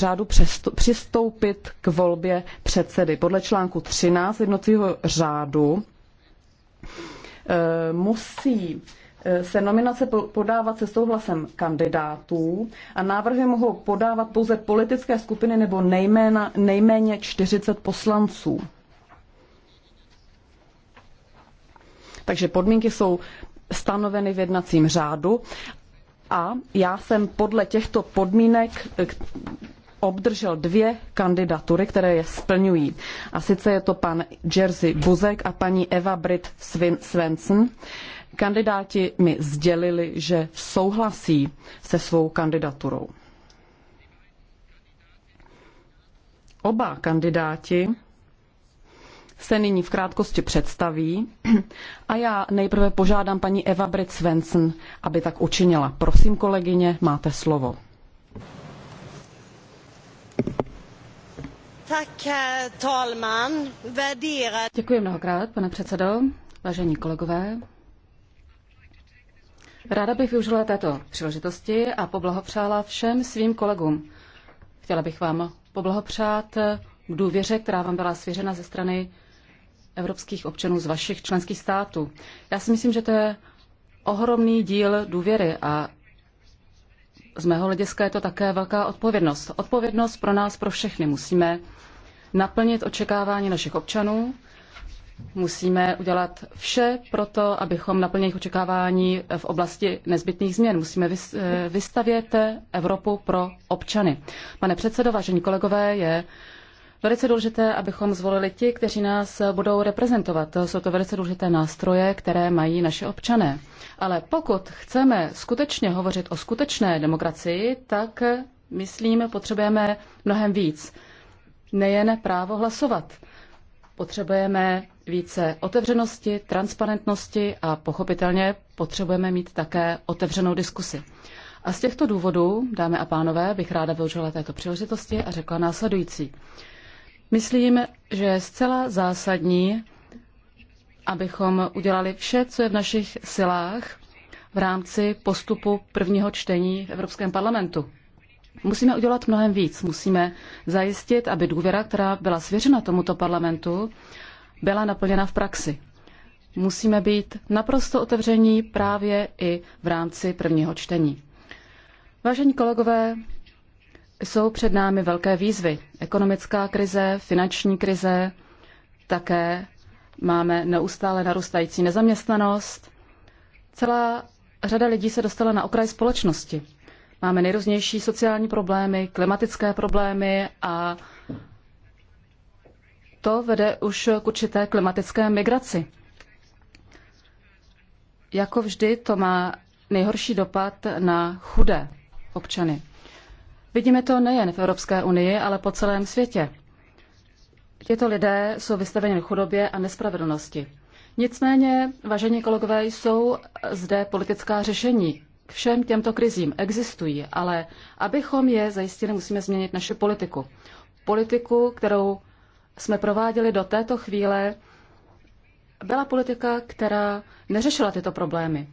řádu přistoupit k volbě předsedy. Podle článku 13 jednotného řádu eh, musí eh, se nominace podávat se souhlasem kandidátů a návrhy mohou podávat pouze politické skupiny nebo nejména, nejméně 40 poslanců. Takže podmínky jsou stanoveny v jednacím řádu a já jsem podle těchto podmínek obdržel dvě kandidatury, které je splňují. A sice je to pan Jerzy Buzek a paní Eva Britt Svensson. Kandidáti mi sdělili, že souhlasí se svou kandidaturou. Oba kandidáti se nyní v krátkosti představí a já nejprve požádám paní Eva Britt Svensson, aby tak učinila. Prosím, kolegyně, máte slovo. Děkuji mnohokrát, pane předsedo, vážení kolegové. Ráda bych využila této příležitosti a poblahopřála všem svým kolegům. Chtěla bych vám poblahopřát k důvěře, která vám byla svěřena ze strany evropských občanů z vašich členských států. Já si myslím, že to je ohromný díl důvěry a z mého hlediska je to také velká odpovědnost. Odpovědnost pro nás, pro všechny. Musíme naplnit očekávání našich občanů, musíme udělat vše pro to, abychom naplnili jejich očekávání v oblasti nezbytných změn. Musíme eh, vystavět Evropu pro občany. Pane předsedo, vážení kolegové, je velice důležité, abychom zvolili ti, kteří nás budou reprezentovat. Jsou to velice důležité nástroje, které mají naše občané. Ale pokud chceme skutečně hovořit o skutečné demokracii, tak myslím, potřebujeme mnohem víc. Nejen právo hlasovat. Potřebujeme více otevřenosti, transparentnosti a pochopitelně potřebujeme mít také otevřenou diskusi. A z těchto důvodů, dámy a pánové, bych ráda využila této příležitosti a řekla následující. Myslím, že je zcela zásadní, abychom udělali vše, co je v našich silách v rámci postupu prvního čtení v Evropském parlamentu. Musíme udělat mnohem víc. Musíme zajistit, aby důvěra, která byla svěřena tomuto parlamentu, byla naplněna v praxi. Musíme být naprosto otevření právě i v rámci prvního čtení. Vážení kolegové, jsou před námi velké výzvy. Ekonomická krize, finanční krize, také máme neustále narůstající nezaměstnanost. Celá řada lidí se dostala na okraj společnosti. Máme nejrůznější sociální problémy, klimatické problémy a to vede už k určité klimatické migraci. Jako vždy to má nejhorší dopad na chudé občany. Vidíme to nejen v Evropské unii, ale po celém světě. Tito lidé jsou vystaveni chudobě a nespravedlnosti. Nicméně, vážení kolegové, jsou zde politická řešení. K všem těmto krizím existují, ale abychom je zajistili, musíme změnit naši politiku. Politiku, kterou jsme prováděli do této chvíle, byla politika, která neřešila tyto problémy.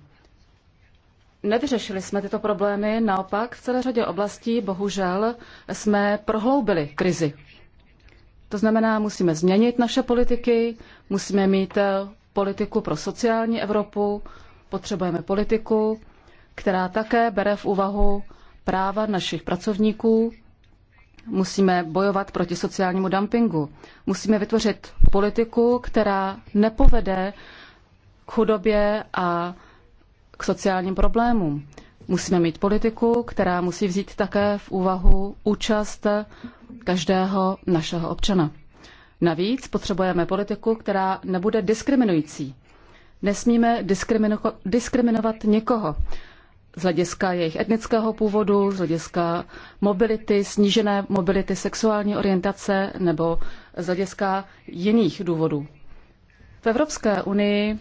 Nevyřešili jsme tyto problémy, naopak v celé řadě oblastí bohužel jsme prohloubili krizi. To znamená, musíme změnit naše politiky, musíme mít eh, politiku pro sociální Evropu, potřebujeme politiku, která také bere v úvahu práva našich pracovníků, musíme bojovat proti sociálnímu dumpingu, musíme vytvořit politiku, která nepovede k chudobě a k sociálním problémům. Musíme mít politiku, která musí vzít také v úvahu účast každého našeho občana. Navíc potřebujeme politiku, která nebude diskriminující. Nesmíme diskrimino- diskriminovat nikoho z hlediska jejich etnického původu, z hlediska mobility, snížené mobility sexuální orientace nebo z hlediska jiných důvodů. V Evropské unii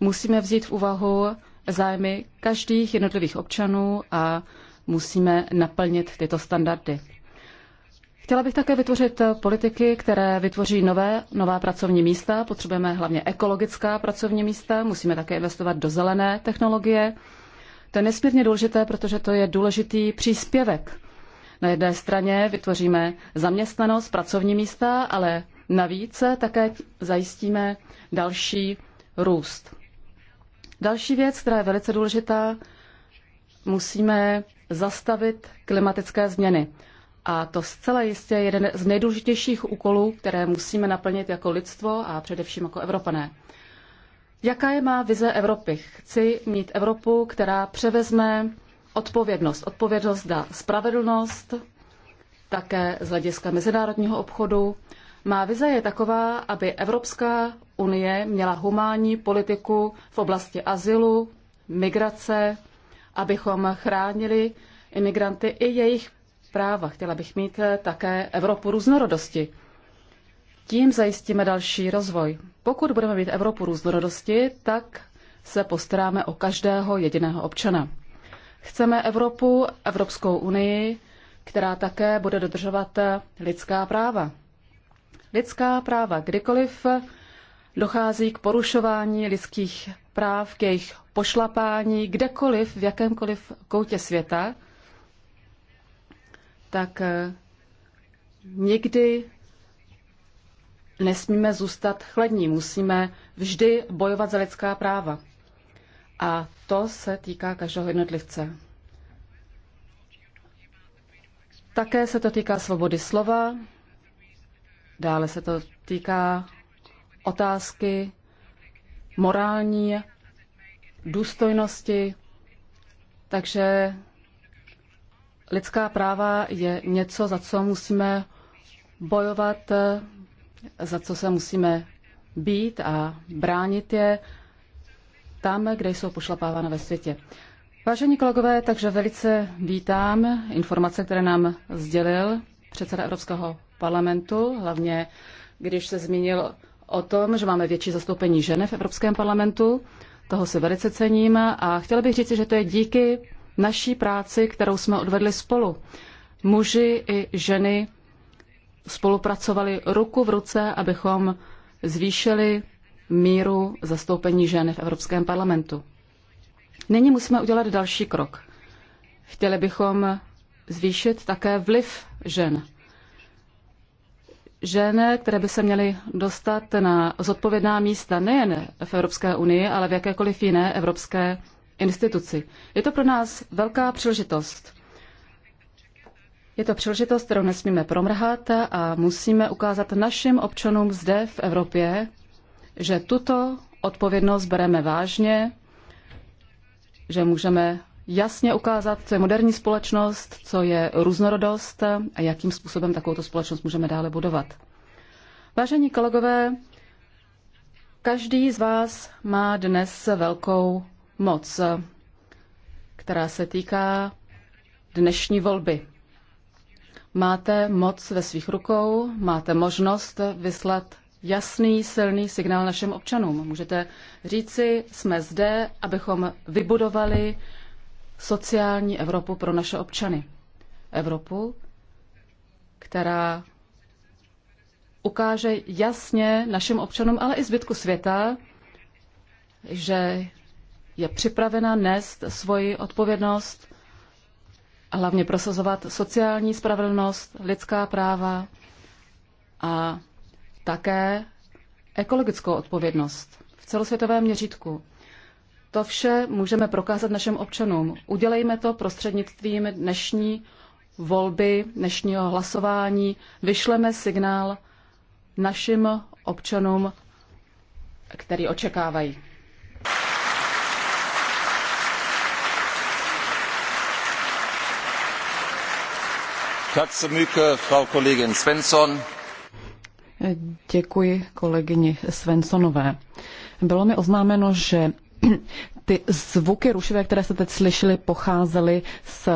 musíme vzít v úvahu zájmy každých jednotlivých občanů a musíme naplnit tyto standardy. Chtěla bych také vytvořit politiky, které vytvoří nové, nová pracovní místa. Potřebujeme hlavně ekologická pracovní místa, musíme také investovat do zelené technologie. To je nesmírně důležité, protože to je důležitý příspěvek. Na jedné straně vytvoříme zaměstnanost, pracovní místa, ale navíc také zajistíme další růst. Další věc, která je velice důležitá, musíme zastavit klimatické změny. A to zcela jistě je jeden z nejdůležitějších úkolů, které musíme naplnit jako lidstvo a především jako Evropané. Jaká je má vize Evropy? Chci mít Evropu, která převezme odpovědnost. Odpovědnost za spravedlnost, také z hlediska mezinárodního obchodu má vize je taková, aby Evropská unie měla humánní politiku v oblasti azylu, migrace, abychom chránili imigranty i jejich práva. Chtěla bych mít také Evropu různorodosti. Tím zajistíme další rozvoj. Pokud budeme mít Evropu různorodosti, tak se postaráme o každého jediného občana. Chceme Evropu, Evropskou unii, která také bude dodržovat lidská práva lidská práva. Kdykoliv dochází k porušování lidských práv, k jejich pošlapání, kdekoliv, v jakémkoliv koutě světa, tak eh, nikdy nesmíme zůstat chladní. Musíme vždy bojovat za lidská práva. A to se týká každého jednotlivce. Také se to týká svobody slova, Dále se to týká otázky morální důstojnosti, takže lidská práva je něco, za co musíme bojovat, za co se musíme být a bránit je tam, kde jsou pošlapávána ve světě. Vážení kolegové, takže velice vítám informace, které nám sdělil předseda Evropského parlamentu, hlavně když se zmínil o tom, že máme větší zastoupení žen v Evropském parlamentu. Toho si velice cením a chtěla bych říci, že to je díky naší práci, kterou jsme odvedli spolu. Muži i ženy spolupracovali ruku v ruce, abychom zvýšili míru zastoupení žen v Evropském parlamentu. Nyní musíme udělat další krok. Chtěli bychom zvýšit také vliv žen žen, které by se měly dostat na zodpovědná místa nejen v Evropské unii, ale v jakékoliv jiné evropské instituci. Je to pro nás velká příležitost. Je to příležitost, kterou nesmíme promrhat a musíme ukázat našim občanům zde v Evropě, že tuto odpovědnost bereme vážně, že můžeme jasně ukázat, co je moderní společnost, co je různorodost a jakým způsobem takovouto společnost můžeme dále budovat. Vážení kolegové, každý z vás má dnes velkou moc, která se týká dnešní volby. Máte moc ve svých rukou, máte možnost vyslat jasný, silný signál našim občanům. Můžete říci, jsme zde, abychom vybudovali sociální Evropu pro naše občany. Evropu, která ukáže jasně našim občanům, ale i zbytku světa, že je připravena nést svoji odpovědnost a hlavně prosazovat sociální spravedlnost, lidská práva a také ekologickou odpovědnost v celosvětovém měřítku. To vše můžeme prokázat našim občanům. Udělejme to prostřednictvím dnešní volby, dnešního hlasování. Vyšleme signál našim občanům, který očekávají. Děkuji kolegyni Svensonové. Bylo mi oznámeno, že ty zvuky rušivé, které jste teď slyšeli, pocházely z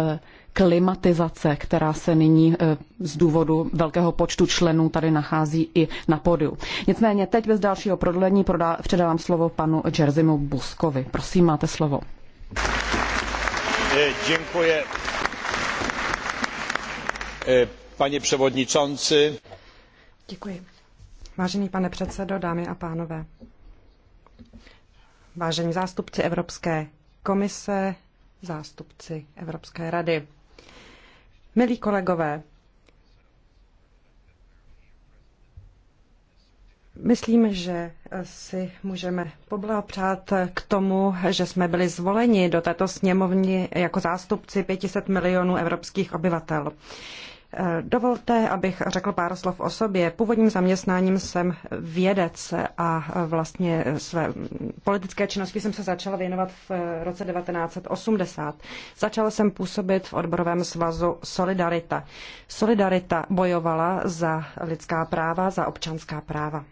klimatizace, která se nyní e, z důvodu velkého počtu členů tady nachází i na podiu. Nicméně teď bez dalšího prodlení předávám slovo panu Jerzymu Buskovi. Prosím, máte slovo. E, Děkuji. E, pane převodničanci. Děkuji. Vážený pane předsedo, dámy a pánové vážení zástupci Evropské komise, zástupci Evropské rady. Milí kolegové, Myslím, že si můžeme poblahopřát k tomu, že jsme byli zvoleni do této sněmovny jako zástupci 500 milionů evropských obyvatel. Dovolte, abych řekl pár slov o sobě. Původním zaměstnáním jsem vědec a vlastně své politické činnosti jsem se začala věnovat v roce 1980. Začala jsem působit v odborovém svazu Solidarita. Solidarita bojovala za lidská práva, za občanská práva.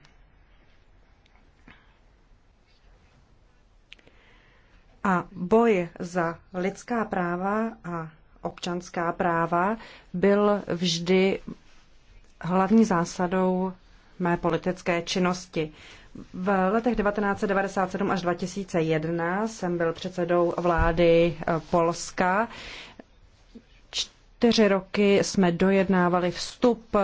A boj za lidská práva a občanská práva byl vždy hlavní zásadou mé politické činnosti. V letech 1997 až 2001 jsem byl předsedou vlády eh, Polska. Čtyři roky jsme dojednávali vstup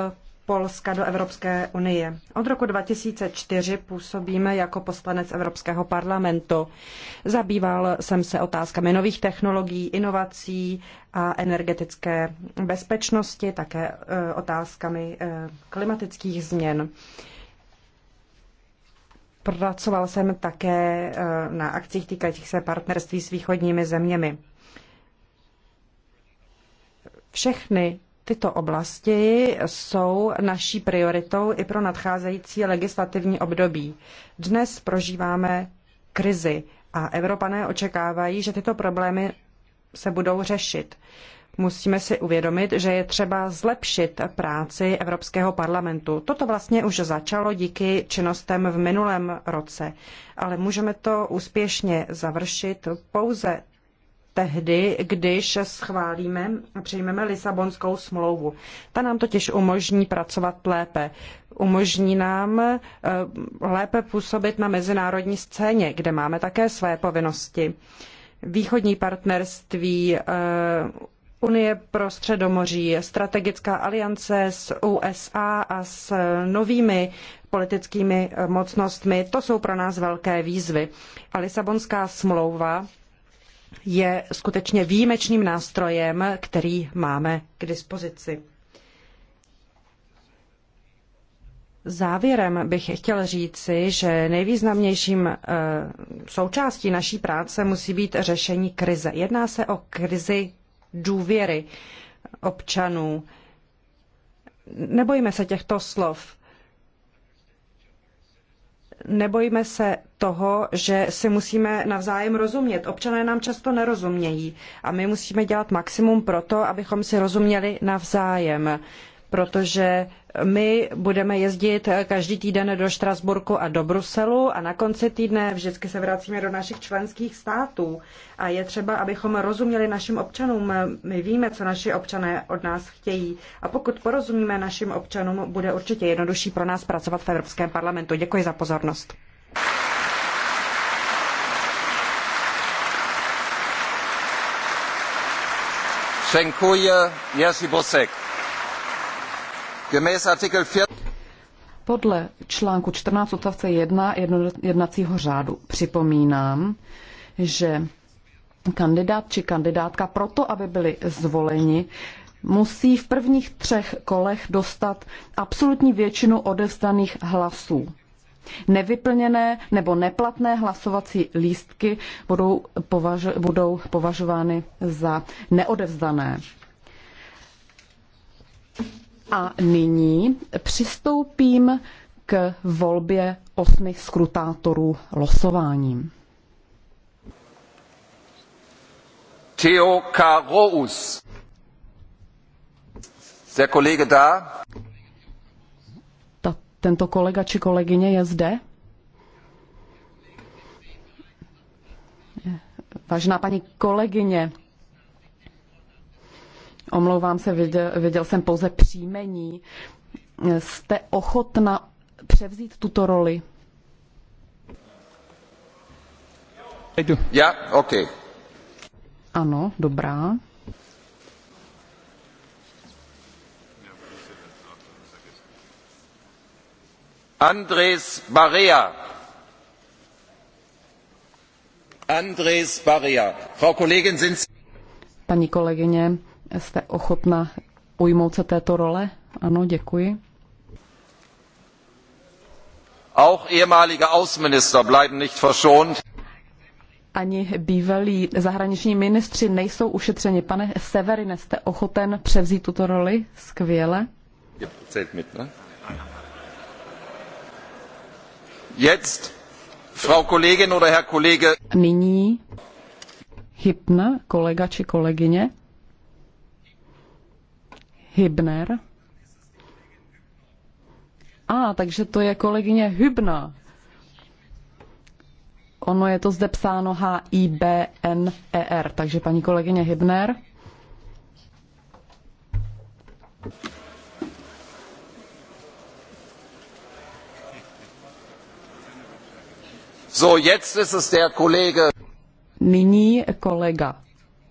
Polska do Evropské unie. Od roku 2004 působíme jako poslanec Evropského parlamentu. Zabýval jsem se otázkami nových technologií, inovací a energetické bezpečnosti, také e, otázkami e, klimatických změn. Pracoval jsem také e, na akcích týkajících se partnerství s východními zeměmi. Všechny Tyto oblasti jsou naší prioritou i pro nadcházející legislativní období. Dnes prožíváme krizi a Evropané očekávají, že tyto problémy se budou řešit. Musíme si uvědomit, že je třeba zlepšit práci Evropského parlamentu. Toto vlastně už začalo díky činnostem v minulém roce, ale můžeme to úspěšně završit pouze tehdy, když schválíme a přijmeme Lisabonskou smlouvu. Ta nám totiž umožní pracovat lépe. Umožní nám eh, lépe působit na mezinárodní scéně, kde máme také své povinnosti. Východní partnerství, eh, Unie pro středomoří, strategická aliance s USA a s novými politickými mocnostmi, to jsou pro nás velké výzvy. A Lisabonská smlouva je skutečně výjimečným nástrojem, který máme k dispozici. Závěrem bych chtěl říci, že nejvýznamnějším eh, součástí naší práce musí být řešení krize. Jedná se o krizi důvěry občanů. Nebojíme se těchto slov nebojíme se toho, že si musíme navzájem rozumět. Občané nám často nerozumějí a my musíme dělat maximum pro to, abychom si rozuměli navzájem protože my budeme jezdit každý týden do Štrasburku a do Bruselu a na konci týdne vždycky se vracíme do našich členských států. A je třeba, abychom rozuměli našim občanům. My víme, co naši občané od nás chtějí. A pokud porozumíme našim občanům, bude určitě jednodušší pro nás pracovat v Evropském parlamentu. Děkuji za pozornost. Dziękuję, Jerzy Bosek. Podle článku 14 odstavce 1 jednacího řádu připomínám, že kandidát či kandidátka proto, aby byli zvoleni, musí v prvních třech kolech dostat absolutní většinu odevzdaných hlasů. Nevyplněné nebo neplatné hlasovací lístky budou, považ- budou považovány za neodevzdané. A nyní přistoupím k volbě osmi skrutátorů losováním. Theo Karous. Der Kollege da? Ta, tento kolega či kolegyně je zde? Vážená paní kolegyně, omlouvám se, viděl, viděl jsem pouze příjmení. Jste ochotna převzít tuto roli? Já, OK. Ano, dobrá. Andres Barea. Andres Barea. Frau Kollegin, sind Sie... Paní kolegyně, jste ochotna ujmout se této role? Ano, děkuji. Auch ehemalige Außenminister bleiben nicht verschont. Ani bývalí zahraniční ministři nejsou ušetřeni. Pane Severine, jste ochoten převzít tuto roli? Skvěle. Jetzt, Frau Kollegin oder Herr Kollege. Nyní Hypna, kolega či kolegyně. Hybner. A, ah, takže to je kolegyně Hybna. Ono je to zde psáno H-I-B-N-E-R, takže paní kolegyně Hybner. So, jetzt ist es der Kollege. Nyní kolega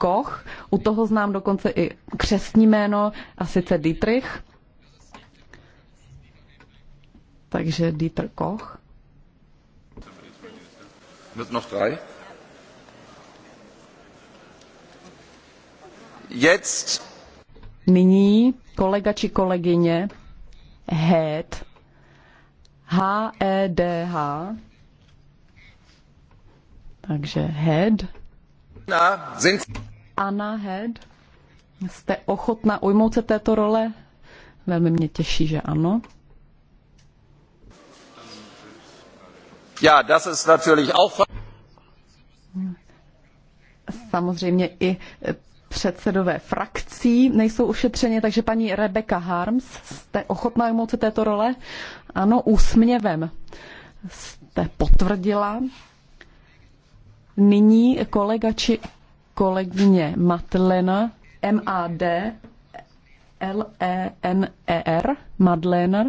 Koch, u toho znám dokonce i křesní jméno, a sice Dietrich. Takže Dieter Koch. Mit noch drei? Jetzt. Nyní kolega či kolegyně Head. H-E-D-H. E Takže Head. Na, sind... Anna Head. Jste ochotná ujmout se této role? Velmi mě těší, že ano. Ja, das ist natürlich auch... Samozřejmě i předsedové frakcí nejsou ušetřeně, takže paní Rebecca Harms, jste ochotná ujmout se této role? Ano, úsměvem jste potvrdila. Nyní kolega či kolegyně Matlena, M-A-D, L-E-N-E-R, Madlena.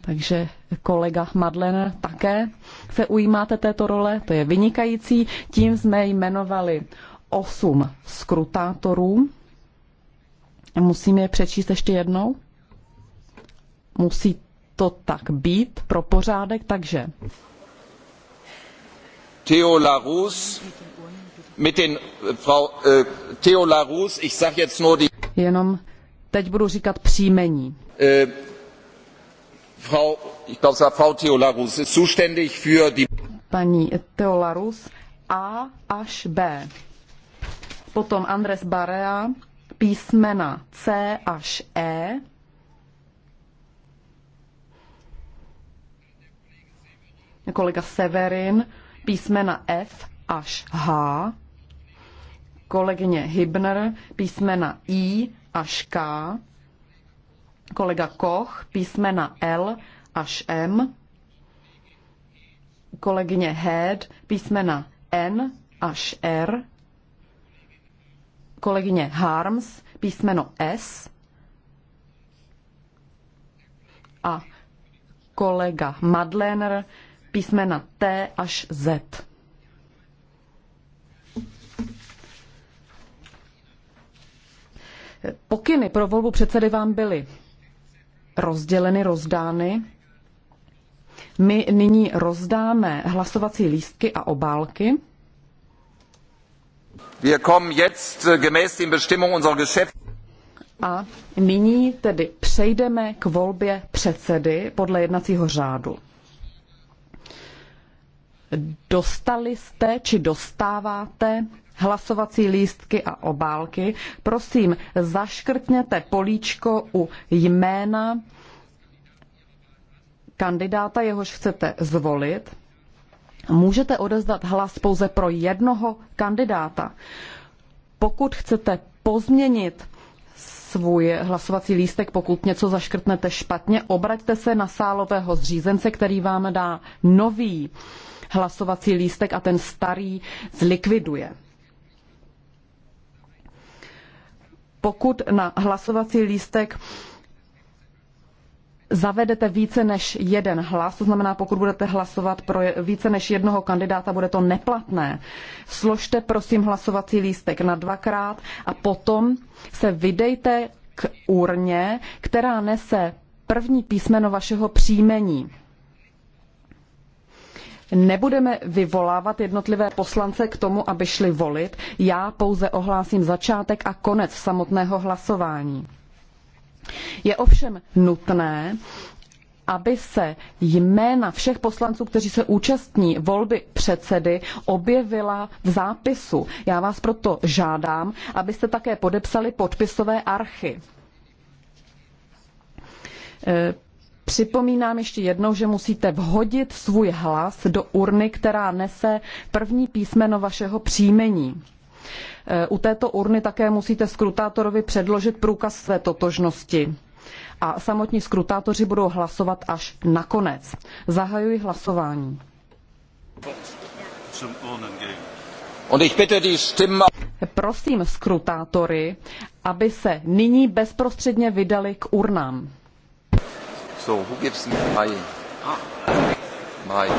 Takže kolega Madlena také se ujímáte této role, to je vynikající. Tím jsme jmenovali osm skrutátorů. Musím je přečíst ještě jednou. Musí to tak být pro pořádek, takže Theo Larus äh, äh, Theo Larus, Jenom teď budu říkat příjmení. Äh, Theo Larus Paní Theo Larus A až B. Potom Andres Barea písmena C až E. Kolega Severin písmena F až H, kolegyně Hibner písmena I až K, kolega Koch písmena L až M, kolegyně Head písmena N až R, kolegyně Harms písmeno S a kolega Madlener písmena T až Z. Pokyny pro volbu předsedy vám byly rozděleny, rozdány. My nyní rozdáme hlasovací lístky a obálky. Wir kommen jetzt äh, gemäß den Bestimmungen unserer A nyní tedy přejdeme k volbě předsedy podle jednacího řádu. Dostali jste či dostáváte hlasovací lístky a obálky. Prosím, zaškrtněte políčko u jména kandidáta, jehož chcete zvolit. Můžete odezdat hlas pouze pro jednoho kandidáta. Pokud chcete pozměnit svůj hlasovací lístek, pokud něco zaškrtnete špatně, obraťte se na sálového zřízence, který vám dá nový hlasovací lístek a ten starý zlikviduje. Pokud na hlasovací lístek zavedete více než jeden hlas, to znamená, pokud budete hlasovat pro více než jednoho kandidáta, bude to neplatné. Složte prosím hlasovací lístek na dvakrát a potom se vydejte k urně, která nese první písmeno vašeho příjmení. Nebudeme vyvolávat jednotlivé poslance k tomu, aby šli volit. Já pouze ohlásím začátek a konec samotného hlasování. Je ovšem nutné, aby se jména všech poslanců, kteří se účastní volby předsedy, objevila v zápisu. Já vás proto žádám, abyste také podepsali podpisové archy. Připomínám ještě jednou, že musíte vhodit svůj hlas do urny, která nese první písmeno vašeho příjmení. E, u této urny také musíte skrutátorovi předložit průkaz své totožnosti. A samotní skrutátoři budou hlasovat až nakonec. Zahajuji hlasování. Prosím skrutátory, aby se nyní bezprostředně vydali k urnám. So, who gives mají, mají.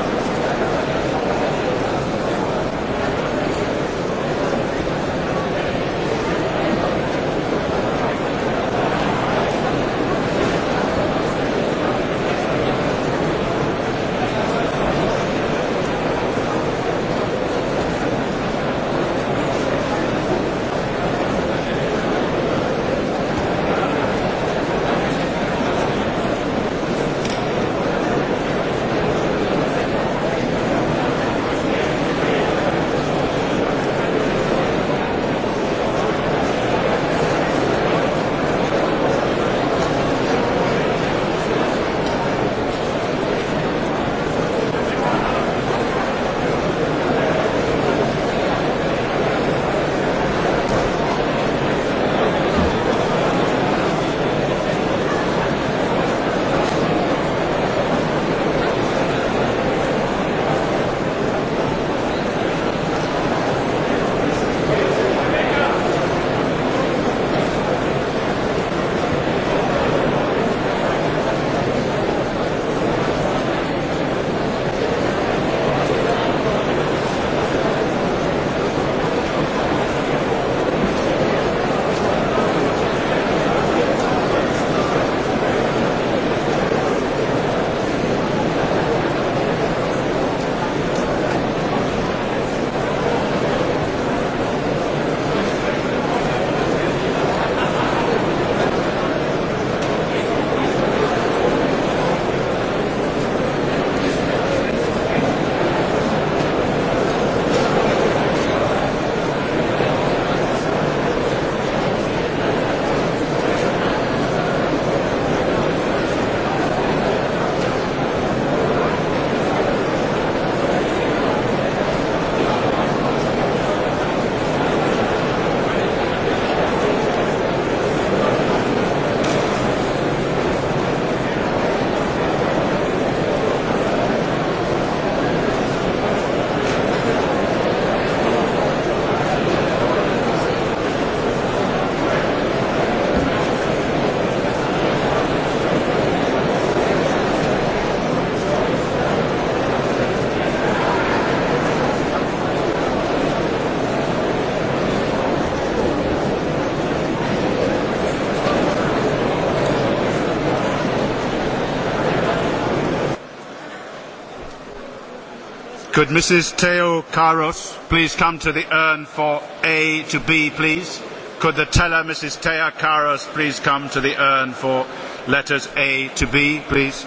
Could Mrs. Teo Karos please come to the urn for A to B, please? Could the teller, Mrs. Teo Karos, please come to the urn for letters A to B, please?